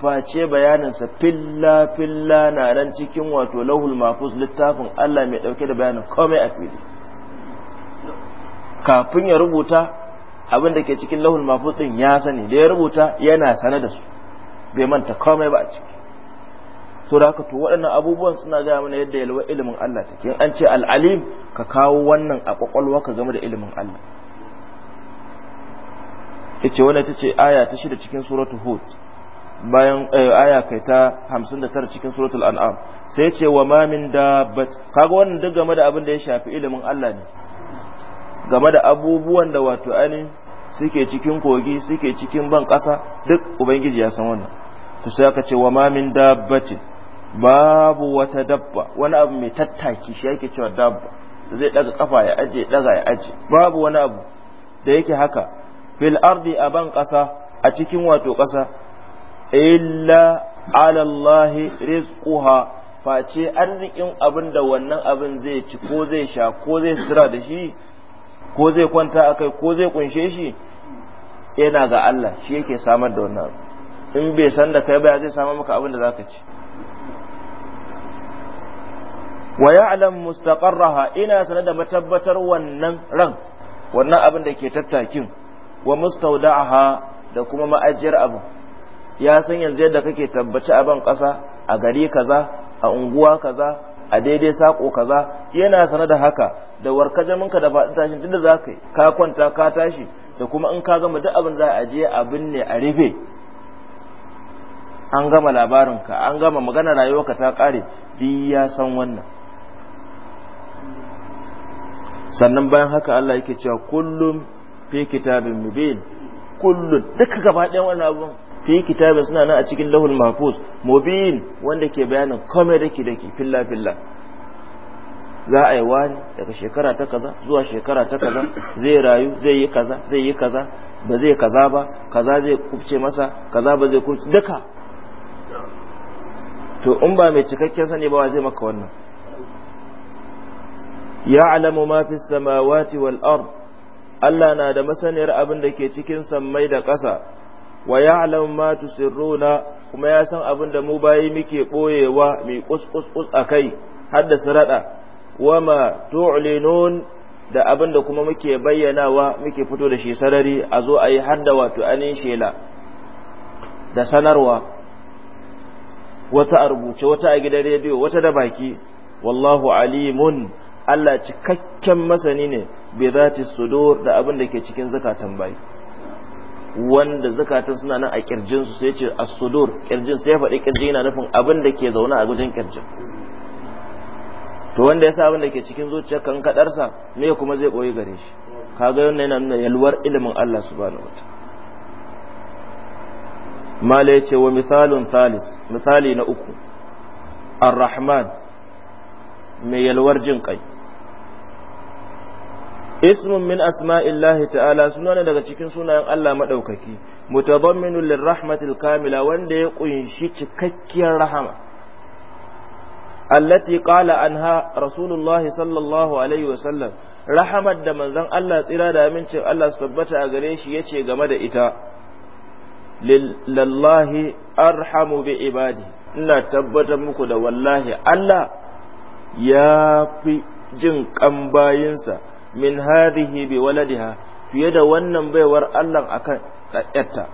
face bayaninsa filla filla na nan cikin wato lahul mafus littafin Allah mai ɗauke da bayanin komai a fili kafin ya rubuta abin da ke cikin lahul mafus ɗin ya sani da ya rubuta yana sane da su bai manta komai ba a ciki to da to waɗannan abubuwan suna gaya mana yadda yalwa ilimin Allah take in an ce al'alim ka kawo wannan a kwakwalwa ka game da ilimin Allah yace wannan tace aya ta shida cikin suratul hud bayan eh, aya kai ta 59 cikin suratul an'am sai ce wa ma min dabbat kaga wannan duk game da abin da ya shafi ilimin Allah ne game da abubuwan da wato ani suke cikin kogi suke cikin ban ƙasa duk ubangiji ya san wannan to sai aka ce wa ma min dabbatin babu wata dabba wani abu mai tattaki shi yake cewa dabba zai daga kafa ya aje daga ya aje babu wani abu da yake haka fil ardi a ban ƙasa a cikin wato ƙasa illa ala Allah rizquha face arzikin abin da wannan abin zai ci ko zai sha ko zai sira da shi ko zai kwanta akai ko zai kunshe shi yana ga Allah shi yake samar da wannan in bai san da kai ba zai samar maka abin da zaka ci wa ya'lam mustaqarraha ina sanar da matabbatar wannan ran wannan abin da ke tattakin wa mustawda'aha da kuma ma'ajiyar abu ya san yanzu yadda kake tabbaci a ban ƙasa a gari kaza a unguwa kaza a daidai sako kaza yana sana da haka da warka jaminka da faɗi tashin duk da za ka ka kwanta ka tashi da kuma in ka gama duk abin za a je abin ne a rufe an gama labarinka an gama magana rayuwarka ta ƙare duk ya san wannan sannan bayan haka Allah yake cewa kullum fi kitabin mubin kullum duka gaba ɗayan wannan abun fi kitabin suna nan a cikin lahul mahfuz mubin wanda ke bayanin komai dake dake filla filla za a yi wani daga shekara ta kaza zuwa shekara ta kaza zai rayu zai yi kaza zai yi kaza ba zai kaza ba kaza zai kubce masa kaza ba zai kubce duka to in ba mai cikakken sani ba zai maka wannan alamu ma fi samawati wal ard Allah na da masaniyar abin da ke cikin sammai da ƙasa wa ya'lamu ma tusirruna kuma ya san abin da mu bayi muke boyewa mi kuskus akai har da wa ma tu'linun da abin da kuma muke bayyanawa muke fito da shi sarari a zo a yi har da wato anin shela da sanarwa wata a rubuce wata a gidan rediyo wata da baki wallahu alimun Allah cikakken masani ne bai zati sudur da abin da ke cikin zakatan bai wanda zakatan suna nan a kirjin su sai ce as-sudur kirjin sai ya faɗi kirji yana nufin abin da ke zaune a gujin kirjin to wanda ya sa abin da ke cikin zuciyar kan kadarsa me kuma zai boye gare shi kaga wannan yana nuna yalwar ilimin Allah subhanahu wataala mala yace wa misalun thalis misali na uku ar-rahman mai yalwar jin kai ismun min asma'illahi ta'ala suna ne daga cikin sunayen Allah maɗaukaki mutadamminu lirrahmatil kamila wanda ya kunshi cikakkiyar rahama allati qala anha rasulullah sallallahu alaihi wasallam rahamar da manzon Allah tsira da amincin Allah su tabbata a gare shi yace game da ita lillahi arhamu bi ibadi ina tabbatar muku da wallahi Allah ya fi jin kan bayinsa min hadhihi bi waladiha fiye da wannan baiwar Allah akan ɗayyarta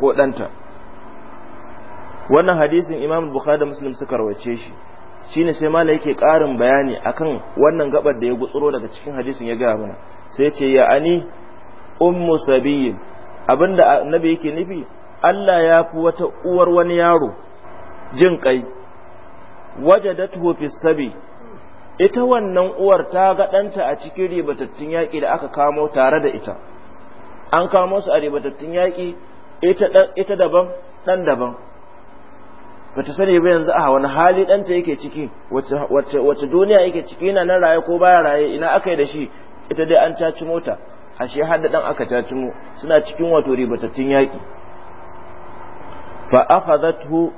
ko ɗanta wannan hadisin Imam Bukhari da Muslim suka rawace shi shine sai mala yake ƙarin bayani akan wannan gabar da ya gutsuro daga cikin hadisin ya gaya mana sai ce ya ani ummu sabiyin abinda annabi yake nufi Allah ya fi wata uwar wani yaro jin kai wajadatuhu fi sabi ita wannan uwar ta ga ɗanta a cikin ribatattun yaƙi da aka kamo tare da ita an kamo su a ribatattun yaƙi ita daban ɗan daban ba ta sani ba yanzu a ah, wani hali ɗanta yake ciki wace duniya yake ciki yana nan raye ko baya raye ina aka yi da shi ita dai an caci mota ashe har da ɗan aka caci mu suna cikin wato ribatattun yaƙi fa akhadhathu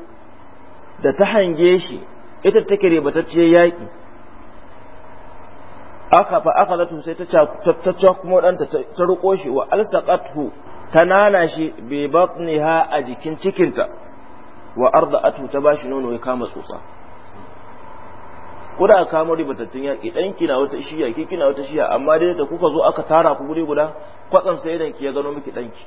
da ta hange shi ita take ribatacciyar yaƙi aka fa akhadatu sai ta ta ta kuma danta ta riko shi wa alsaqathu ta nana shi bi batniha a jikin cikinta wa arda'atu ta bashi nono ya kama tsotsa ka mu ribatattun yaƙi ɗan kina wata shiya ki kina wata shiya amma dai da kuka zo aka tara ku guri guda kwatsam sai dan ki ya gano miki ɗanki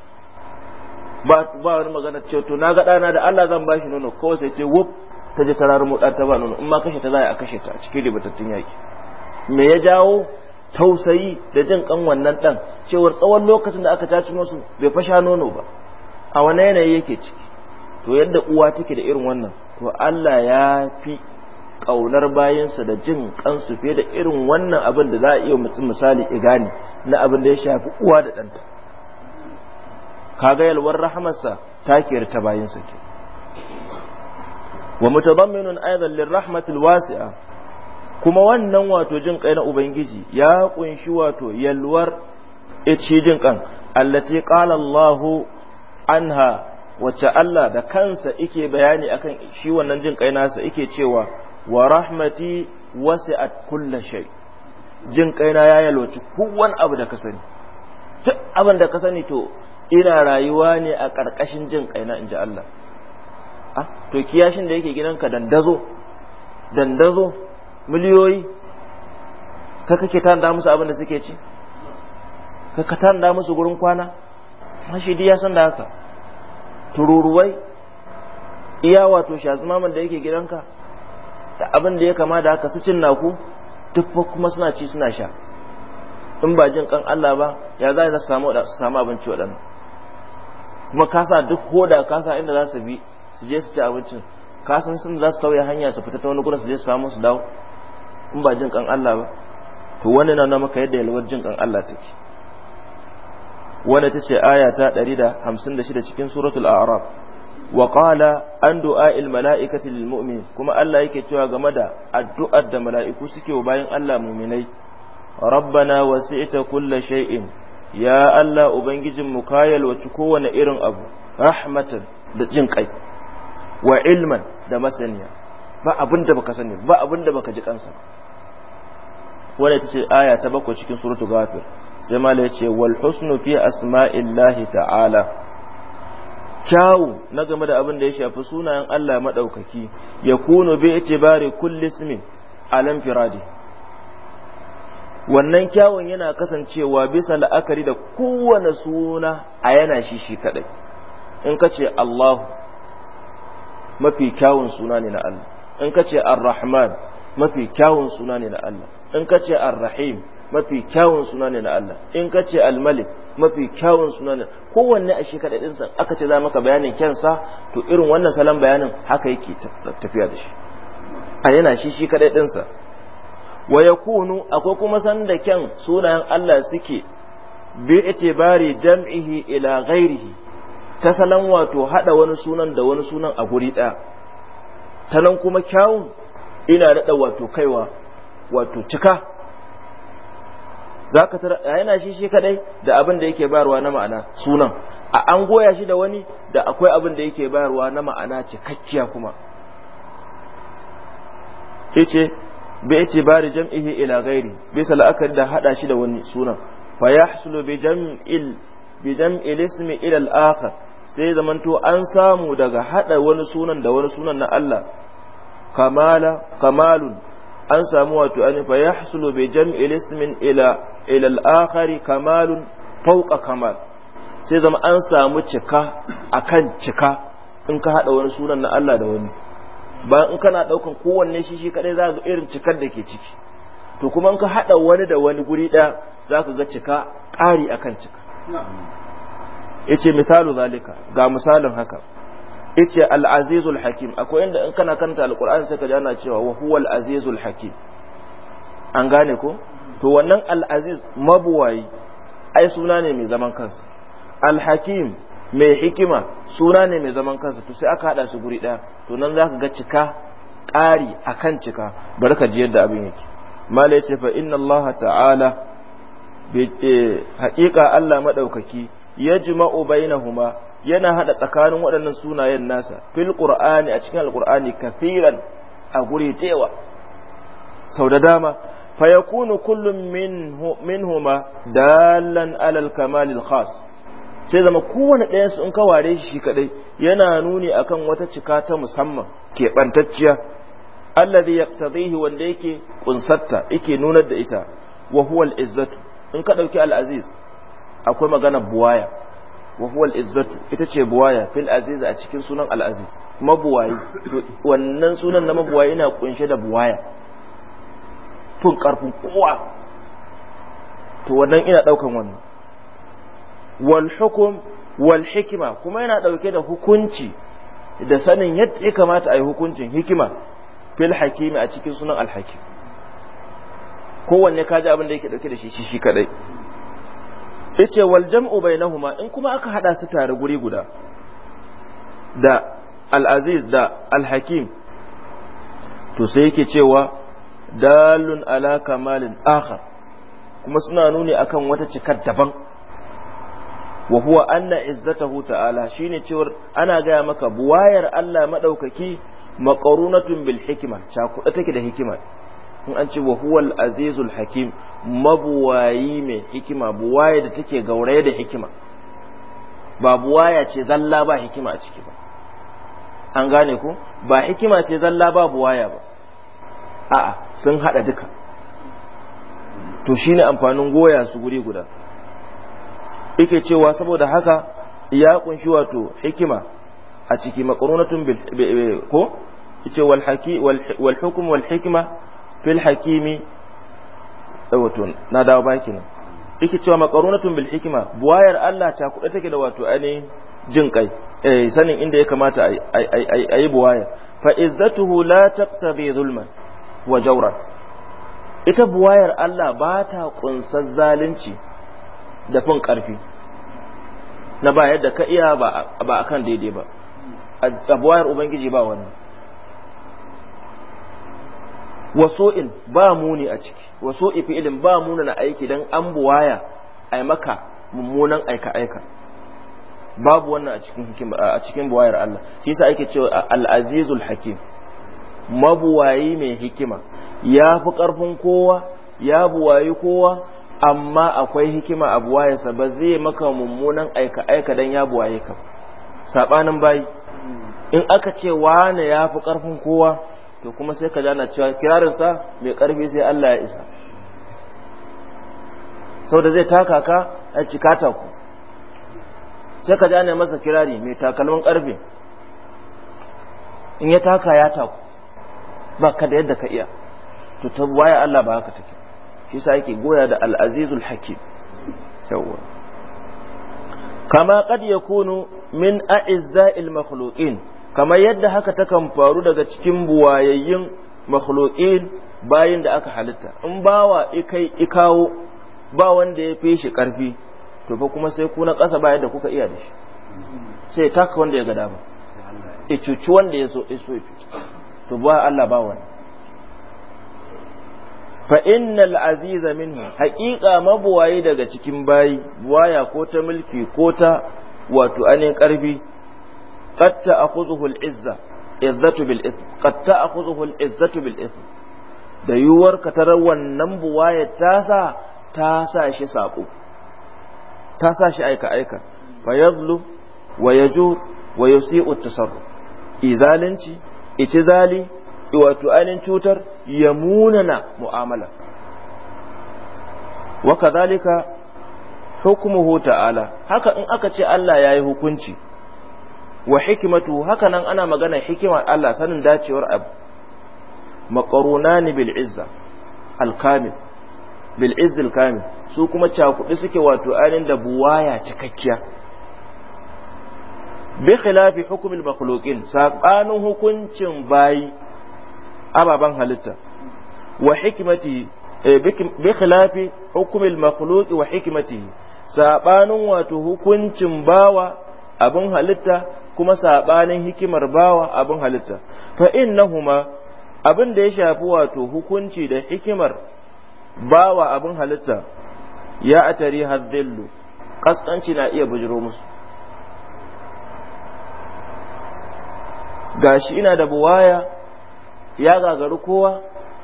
ba ba wani magana ce to na ga ɗana da Allah zan bashi nono kawai sai ce wuf ta je ta rarumo ta ba nono in ma kashe ta za a kashe ta a cikin ribatattun yaki me ya jawo tausayi da jin kan wannan dan cewar tsawon lokacin da aka tace musu bai fasha nono ba a wani yanayi yake ciki to yadda uwa take da irin wannan to Allah ya fi kaunar bayansa da jin kansu fiye da irin wannan abin da za a iya mutum misali igani na abin da ya shafi uwa da ɗanta kaga yalwar rahamarsa ta ta bayansa ke wa mutadamminun aidan lirrahmatil wasi'a kuma wannan wato jin kai na ubangiji ya kunshi wato yalwar ice jin kan allati qala Allah anha wacce Allah da kansa yake bayani akan shi wannan jin kai nasa yake cewa wa rahmati wasi'at kullu shay jin na ya yalwaci kowan abu da ka sani duk abin da ka sani to ina rayuwa ne a ƙarƙashin jin na inji Allah ah to kiyashin da yake gidanka dandazo dandazo miliyoyi ka kake tanda musu abin da suke ci ka ka tanda musu gurin kwana mashidi ya san da haka tururuwai iya wato shazimaman da yake gidanka da abin da ya kama da haka su cin naku duk kuma suna ci suna sha in ba jin kan Allah ba ya za su samu abinci waɗannan kuma kasa duk hoda kasa inda za su bi su je su ci abincin kasan sun za su kauye hanya su fita ta wani gurin su je su samu su dawo in ba jin kan Allah ba to wani na maka yadda yalwar jin kan Allah take ta ce aya ta 156 cikin suratul a'raf wa qala an du'a'il mala'ikati lil mu'min kuma Allah yake cewa game da addu'ar da mala'iku suke wa bayan Allah mu'minai rabbana wasi'ta kulli shay'in ya Allah ubangijin mu kayal kowane irin abu rahmatan da jin kai wa ilman da masaniya ba abin da baka sani ba abin da baka ji kansa wanda ita ce aya ta bakwai cikin suratu ghafir sai mala ya ce wal husnu fi asma'illahi ta'ala kyawu na game da abin da ya shafi sunayen Allah madaukaki ya kuno bi itibari kulli ismin alam firadi wannan kyawun yana kasancewa bisa la'akari da kowane suna a yana shi shi kadai in ka ce Allahu mafi kyawun suna ne na Allah in ka ce ar-rahman mafi kyawun suna ne na Allah in ka ce ar-rahim mafi kyawun suna ne na Allah in ka ce al-malik mafi kyawun suna ne kowanne a shi kadai aka ce za maka bayanin kyansa to irin wannan salon bayanin haka yake tafiya da shi a yana shi shi kadai dinsa wa kunu akwai kuma sanda kyan sunayen Allah suke bi bari, jam'ihi ila ghairihi ta salon wato hada wani sunan da wani sunan a guri ɗaya ta nan kuma kyawun ina daɗa wato kaiwa wato cika za ka tara yana shi shi kadai da abin da yake bayarwa na ma'ana sunan a an goya shi da wani da akwai abin da yake bayarwa na ma'ana cikakkiya kuma yace bi itibari jam'ihi ila ghairi bisa la'akari da hada shi da wani sunan fa yahsulu bi jam'il bi jam'il ismi ila al-akhar sai zamanto an samu daga hada wani sunan da wani sunan na Allah kamala kamalun an samu wato an fa yahsulu bi jam'i ismin ila ila al-akhari kamalun fawqa kamal sai zama an samu cika akan cika in ka hada wani sunan na Allah da wani ba in kana daukan kowanne shi shi kadai za irin cikar da ke ciki to kuma in ka hada wani da wani guri daya za ka ga cika ƙari akan cika yace misalu zalika ga misalin haka yace al-azizul hakim akwai inda in kana kanta alqur'ani sai ka ji ana cewa wa huwal azizul hakim an gane ko to wannan al-aziz mabuwayi ai suna ne mai zaman kansa al-hakim mai hikima suna ne mai zaman kansa to sai aka hada su guri daya to nan za ka ga cika ƙari akan cika bari ka ji yadda abin yake mala yace fa inna Allah ta'ala eh, haƙiƙa Allah maɗaukaki. yajma'u bainahuma yana hada tsakanin waɗannan sunayen nasa fil qur'ani a cikin alqur'ani kafiran a guri tewa sau da dama fa yakunu kullum minhu minhuma dalan ala al-kamal khas sai zama kowane ɗayan su in ka ware shi kadai yana nuni akan wata cika ta musamman keɓantacciya allazi yaqtadihi wanda yake kunsatta yake nunar da ita wa huwa al-izzatu in ka dauki al akwai magana buwaya wa huwa al-izzatu ita ce buwaya fil aziz a cikin sunan al-aziz mabuwayi wannan sunan na mabuwayi yana kunshe da buwaya tun karfin kowa to wannan ina daukan wannan wal hukum wal hikima kuma yana dauke da hukunci da sanin yadda ya kamata a yi hukuncin hikima fil hakimi a cikin sunan al-hakim kowanne kaji abin da yake dauke da shi shi kadai yace wal jam'u bainahuma in kuma aka hada su tare guri guda da al-aziz da al-hakim to sai yake cewa dalun ala kamalin akhar kuma suna nuni akan wata cikar daban wa huwa anna izzatahu ta'ala shine cewar ana gaya maka buwayar Allah madaukaki maqarunatun bil hikma cakuɗa take da hikima in an ce wa huwal azizul hakim mabuwayi mai hikima buwaye da take gauraye da hikima ba buwaya ce zalla ba hikima a ciki ba an gane ku? ba hikima ce zalla ba buwaya ba a'a sun hada duka to shine amfanin goya su guri guda yake cewa saboda haka ya kunshi wato hikima a ciki maqrunatun bil ko yace wal haki wal hukm wal hikma fil hakimi wato na dawo baki nan yake cewa maqarunatun bil hikima buwayar Allah ta kuɗa take da wato ani jin kai eh sanin inda ya kamata a yi buwayar fa izzatuhu la taqtabi zulma wa jawra ita buwayar Allah ba ta kunsar zalunci da fin karfi na ba yadda ka iya ba akan daidai ba a buwayar ubangiji ba wannan wasu'in ba muni a ciki wasu'i ilin ba muna na aiki dan an buwaya ai maka mummunan aika aika babu wannan a cikin hikima a buwayar Allah shi yasa ake cewa al-azizul hakim mabuwayi mai hikima ya fi karfin kowa ya buwayi kowa amma akwai hikima a buwayarsa ba zai maka mummunan aika aika dan ya buwaye ka sabanin bayi in aka ce wane ya fi karfin kowa to kuma sai ka jana cewa kirarinsa mai karfi sai Allah ya isa sau da zai taka ka a cikata ku sai ka jana masa kirari mai takalmin karfe in ya taka ya taku ba ka da yadda ka iya to ta waya Allah ba haka take shi sa yake goya da al'azizul hakim yawwa kama kad yakunu min a'izza'il makhluqin kamar yadda haka takan faru daga cikin buwayayyin makhluqin bayin da aka halitta in bawa ikai ikawo ba wanda ya fi shi karfi to fa kuma sai ku na ƙasa ba yadda kuka iya da shi sai taka wanda ya ga dama e cuci wanda ya so ya so to ba Allah ba wani fa innal aziza minhu haƙiƙa mabuwayi daga cikin bayi waya ko ta mulki ko ta wato anin ƙarfi قد تأخذه العزة izzatu bil قد qad ta'khudhuhu al izzatu bil ism wannan buwaya ta sa ta sa shi sako ta sa shi aika aika fa yazlu wa yajur wa yusi'u tasarruf izalinci ici zali wato cutar ya munana mu'amala wa kadhalika hukumu ta'ala haka in aka ce Allah yayi hukunci wa hikimatu hakanan ana magana hikimar Allah sanin dacewar abu maqarunani bil izza al kamil bil al kamil su kuma cakuɗi suke wato anin da buwaya cikakkiya bi khilafi hukm al makhluqin hukuncin bayi ababan halitta wa hikmati eh, bi khilafi hukm al wa hikmatihi sabanin wato hukuncin bawa abin halitta kuma saɓanin hikimar bawa abin halitta fa innahuma abin da ya shafi wato hukunci da hikimar bawa abin halitta ya atari haddillu kaskanci na iya bujiro musu gashi ina da buwaya ya gagaru kowa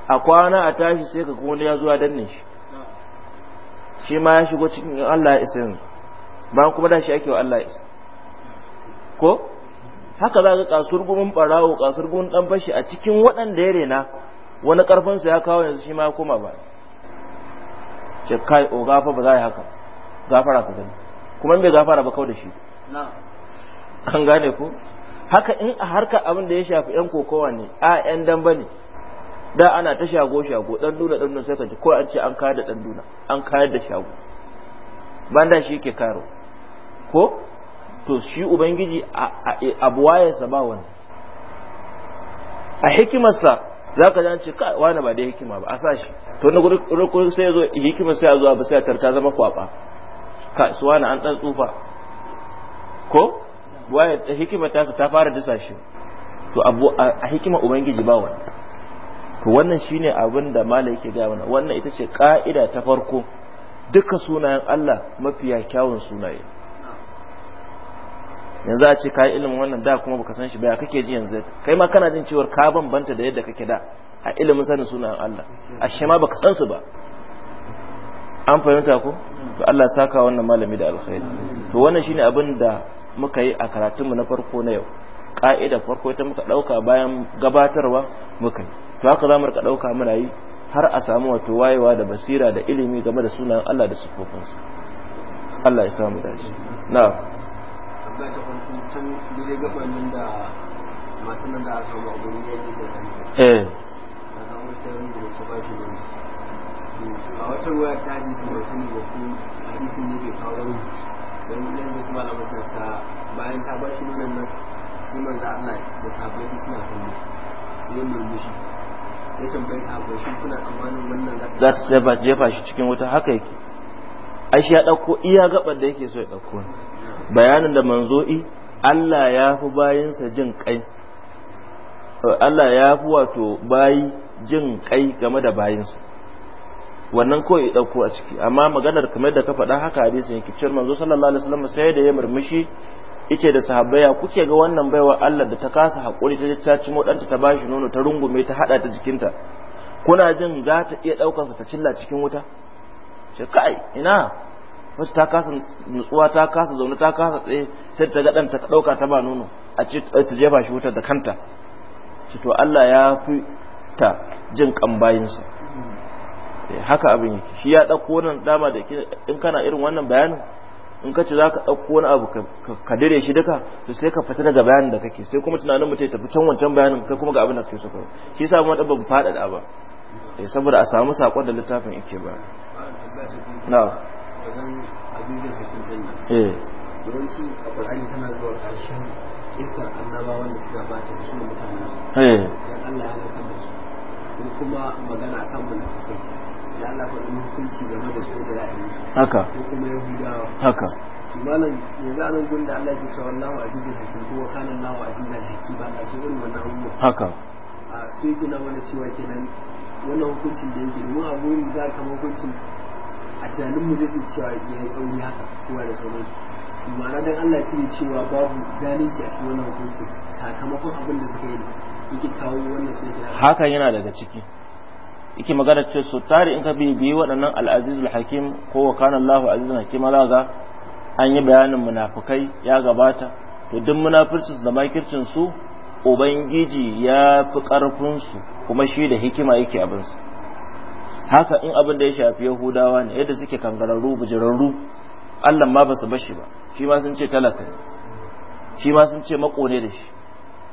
a kwana a tashi sai ka kuma ya zuwa danne shi shi ma ya shigo cikin Allah ya isa yanzu ba kuma da shi ake wa Allah ya isa ko haka za ka kasuwar gumin barawo kasuwar gumin dan fashi a cikin waɗanda ya rena wani su ya kawo yanzu shi ma koma ba ce kai o gafa ba za yi haka gafara ka gani kuma bai gafara ba kawai da shi an gane ko haka in a harka abin da ya shafi yan kokowa ne a yan damba ne da ana ta shago shago dan duna dan sai ka ji ko an ce an kayar da dan duna an kayar da shago banda shi ke karo ko to shi ubangiji a buwayensa ba wani a hikimarsa za ka zance wani ba da hikima ba a sa shi to na gudun sai zo hikimar sai a zuwa ba sai tarka zama kwaba ka su wani an ɗan tsufa ko buwayar hikimar ta ta fara disa shi to a hikimar ubangiji ba wani to wannan shine abin da mala yake gaya mana wannan ita ce ka'ida ta farko duka sunayen Allah mafiya kyawun sunaye yanzu a ce ka yi ilimin wannan da kuma baka san shi ba ya kake ji yanzu kai ma kana jin cewar ka bambanta da yadda kake da a ilimin sanin sunan Allah a shi ma baka san su ba an fahimta ko to Allah saka wannan malami da alkhairi to wannan shine abin da muka yi a karatunmu na farko na yau ka'ida farko ita muka dauka bayan gabatarwa muka yi to haka za mu rika dauka muna yi har a samu wato wayewa da basira da ilimi game da sunan Allah da sifofinsa Allah ya samu dace na'am ba ta farko can da nan da aka ba da eh na ta yi da ta ba shi wani a wata ruwa ta ne ba hadisin ne bai kawo nan da su ba ta bayan ta ba shi nan sai Allah da sai ya murmushi sai tambayi shi kuna wannan za ta jefa shi cikin wuta haka yake ai shi ya ɗauko iya gaban da yake so ya ɗauko ne bayanin da manzo'i Allah ya fi bayinsa jin kai Allah ya fi wato bayi jin kai game da bayinsa wannan kawai ɗauko a ciki amma maganar kamar da ka faɗa haka hadisin yake cewa manzo sallallahu alaihi wasallam sai da ya murmushi yace da ya kuke ga wannan baiwa Allah da ta kasa hakuri ta ta cimo modanta ta bashi nono ta rungume ta hada ta jikinta kuna jin za ta iya daukar ta cilla cikin wuta ce kai ina wacce ta kasa nutsuwa ta kasa zaune ta kasa tsaye sai ta gadan ta dauka ta ba nono a ce ta jefa shi wutar da kanta ce to Allah ya fi ta jin kambayinsa eh, haka abin yake shi ya dauko nan dama da in kana irin wannan bayanin in ka ce za ka ɗauko wani abu ka dire shi duka to sai ka fita daga bayanin da kake sai kuma tunanin mutum ya tafi can wancan bayanin kai kuma ga abin da kake so kawai shi yasa mun ɗabba faɗaɗa ba eh, saboda a samu saƙon da littafin yake ba na'am eh yawanci a ƙwararri tana zuwa ƙarshen iskar annabawan da suka bata mutanen eh. Allah ya da Allah hukunci haka ko malam yanzu anan gun da Allah ya ce wallahu azizul hakim kuma kana Allahu azizul hakim ba shi irin wannan abubuwa haka a su yi gina wani cewa kenan wannan hukuncin da yake mu abu za ka hukuncin a tunanin mu zai cewa ya yi tsauri haka kowa da sauran ma'ana dan Allah ya cire cewa babu zalunci a cikin wannan hukuncin sakamakon abin da suka yi yake kawo wannan sai hakan yana daga ciki yake magana ce so tare in ka bibiyi waɗannan al'azizul hakim ko wa kana Allahu azizul hakim ga an yi bayanin munafukai ya gabata to duk munafircin da makircin su ubangiji ya fi ƙarfinsu kuma shi da hikima yake su. haka in abin da ya shafi yahudawa ne yadda suke kangararru bujirarru allah ma ba su bashi ba shi ma sun ce talaka shi ma sun ce makone da shi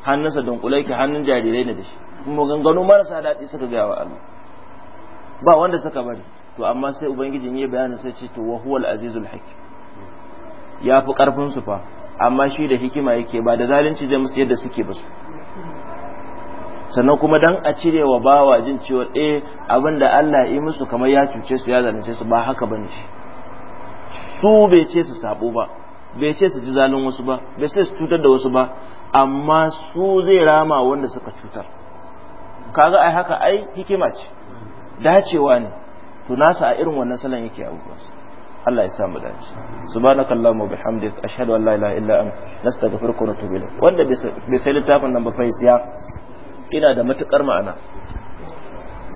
hannunsa dunkulai ke hannun jarirai ne da shi kuma mara marasa daɗi suka gaya wa allah ba wanda suka bari to amma sai ubangijin ya bayanin sai ce to wa azizul hakim ya fi karfin su fa amma shi da hikima yake ba da zalunci zai musu yadda suke ba sannan kuma dan a cire wa bawa jin cewa eh abinda da Allah yi musu kamar ya cuce su ya zalunce su ba haka bane shi su bai ce su sabo ba bai ce su ji zalun wasu ba bai ce su cutar da wasu ba amma su zai rama wanda suka cutar kaga ai haka ai hikima ce dacewa ne to nasa a irin wannan salon yake abubuwa Allah ya samu dace subhanakallahumma bihamdik ashhadu an la ilaha illa anta nastaghfiruka wa natubu ilayk wanda bai sai littafin nan ba fa ina da matuƙar ma'ana